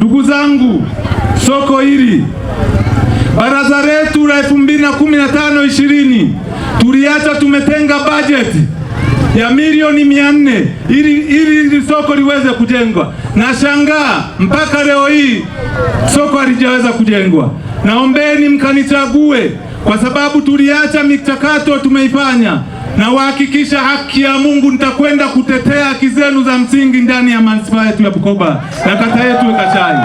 Ndugu zangu, soko hili baraza letu la 2015 20 tuliacha tumetenga bajeti ya milioni mia nne ili ili soko liweze kujengwa. Nashangaa mpaka leo hii soko halijaweza kujengwa. Naombeni mkanichague, kwa sababu tuliacha michakato tumeifanya na haki ya Mungu, nitakwenda kutetea haki zenu za msingi ndani ya manispaa yetu ya Bukoba na kata yetu ya Kachai.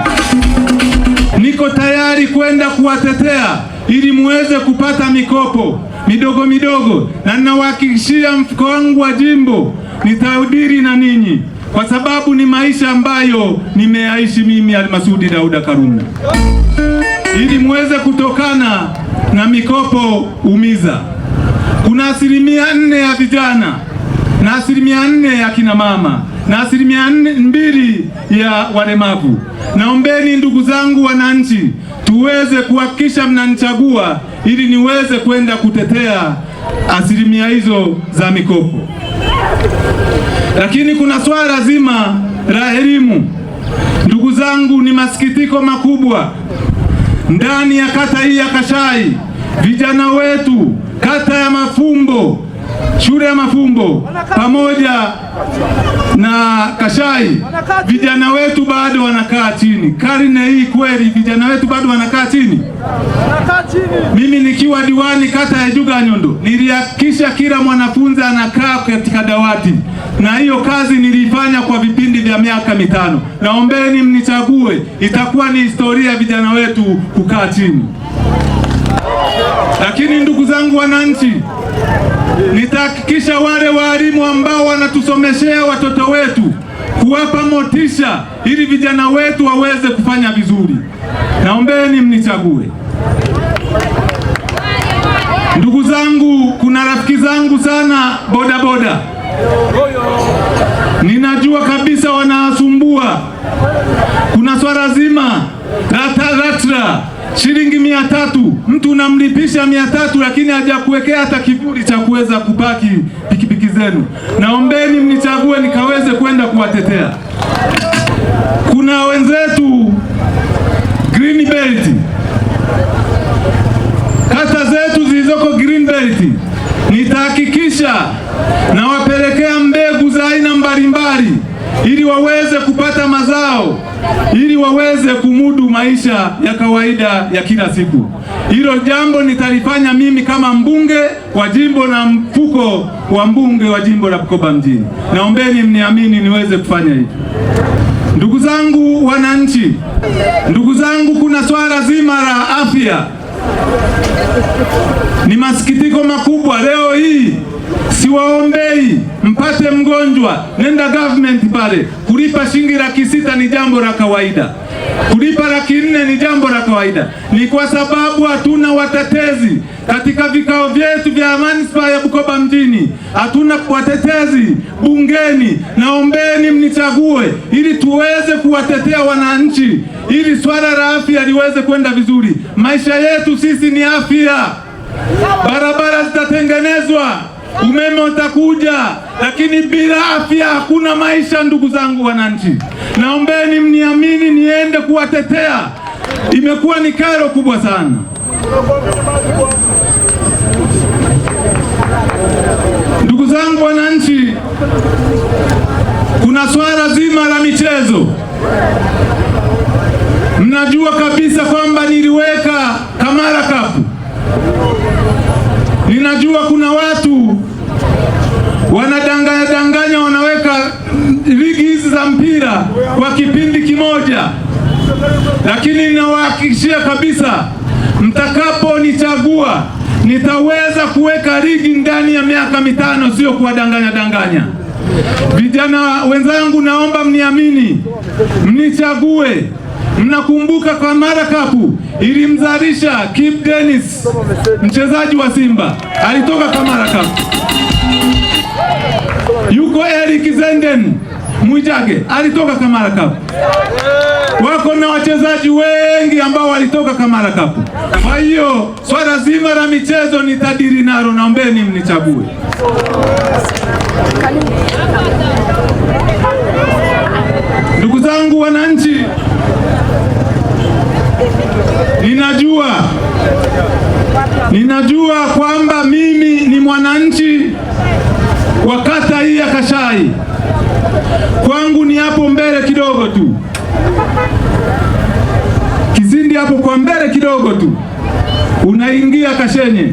Niko tayari kwenda kuwatetea ili muweze kupata mikopo midogo midogo, na ninawahakikishia mfuko wangu wa jimbo nitaudiri na ninyi, kwa sababu ni maisha ambayo nimeyaishi mimi Almasudi Dauda Karume, ili muweze kutokana na mikopo umiza tuna asilimia nne ya vijana na asilimia nne ya kina mama na asilimia mbili ya walemavu. Naombeni ndugu zangu wananchi, tuweze kuhakikisha mnanichagua ili niweze kwenda kutetea asilimia hizo za mikopo. Lakini kuna swala zima la elimu. Ndugu zangu, ni masikitiko makubwa ndani ya kata hii ya Kashai, vijana wetu kata ya Mafumbo, shule ya Mafumbo pamoja na Kashai, vijana wetu bado wanakaa chini. Karne hii kweli, vijana wetu bado wanakaa chini. Mimi nikiwa diwani kata ya Juganyondo nilihakikisha kila mwanafunzi anakaa katika dawati, na hiyo kazi nilifanya kwa vipindi vya miaka mitano. Naombeni mnichague, itakuwa ni historia ya vijana wetu kukaa chini. Lakini ndugu zangu wananchi, nitahakikisha wale walimu ambao wanatusomeshea watoto wetu kuwapa motisha ili vijana wetu waweze kufanya vizuri. Naombeni mnichague. Ndugu zangu, kuna rafiki zangu sana bodaboda, ninajua kabisa wanasumbua. Kuna swala zima la shilingi mia tatu, mtu unamlipisha mia tatu, lakini hajakuwekea hata kivuli cha kuweza kupaki pikipiki zenu. Naombeni mnichague nikaweze kwenda kuwatetea. Kuna wenzetu Green Belt, kata zetu zilizoko Green Belt, nitahakikisha nawapelekea mbegu za aina mbalimbali ili waweze kupata ili waweze kumudu maisha ya kawaida ya kila siku. Hilo jambo nitalifanya mimi kama mbunge wa jimbo na mfuko wa mbunge wa jimbo la Bukoba mjini. Naombeni mniamini niweze kufanya hivi. Ndugu zangu wananchi, ndugu zangu, kuna swala zima la afya. Ni masikitiko makubwa leo hii, siwaombei mpate mgonjwa, nenda government pale Kulipa shilingi laki sita ni jambo la kawaida, kulipa laki nne ni jambo la kawaida. Ni kwa sababu hatuna watetezi katika vikao vyetu vya manispaa ya Bukoba mjini, hatuna watetezi bungeni. Naombeni mnichague ili tuweze kuwatetea wananchi, ili swala la afya liweze kwenda vizuri. Maisha yetu sisi ni afya, barabara zitatengenezwa umeme utakuja, lakini bila afya hakuna maisha. Ndugu zangu wananchi, naombeni mniamini, niende kuwatetea. Imekuwa ni kero kubwa sana. Ndugu zangu wananchi, kuna swala zima la michezo. Mnajua kabisa kwamba niliweka Kamara Cup, ninajua kuna wanadanganya danganya, wanaweka ligi hizi za mpira kwa kipindi kimoja, lakini ninawahakikishia kabisa mtakaponichagua nitaweza kuweka ligi ndani ya miaka mitano, sio kuwadanganya danganya. Vijana wenzangu, naomba mniamini, mnichague. Mnakumbuka mara kapu ilimzalisha Kip Dennis, mchezaji wa Simba alitoka mara kapu yuko Eric Zenden Mwijage alitoka Kamara Cup. Wako na wachezaji wengi ambao walitoka Kamara Cup. Kwa hiyo swala zima la michezo nitadiri nalo, naombeni mnichague. Ndugu zangu wananchi, ninajua ninajua kwamba mimi ni mwananchi wa kata hii ya Kashai. Kwangu ni hapo mbele kidogo tu, Kizindi hapo kwa mbele kidogo tu unaingia Kashenye.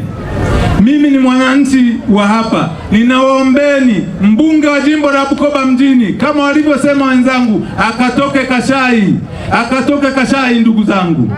Mimi ni mwananchi wa hapa, ninawaombeni mbunge wa jimbo la Bukoba mjini, kama walivyosema wenzangu, akatoke Kashai, akatoke Kashai ndugu zangu.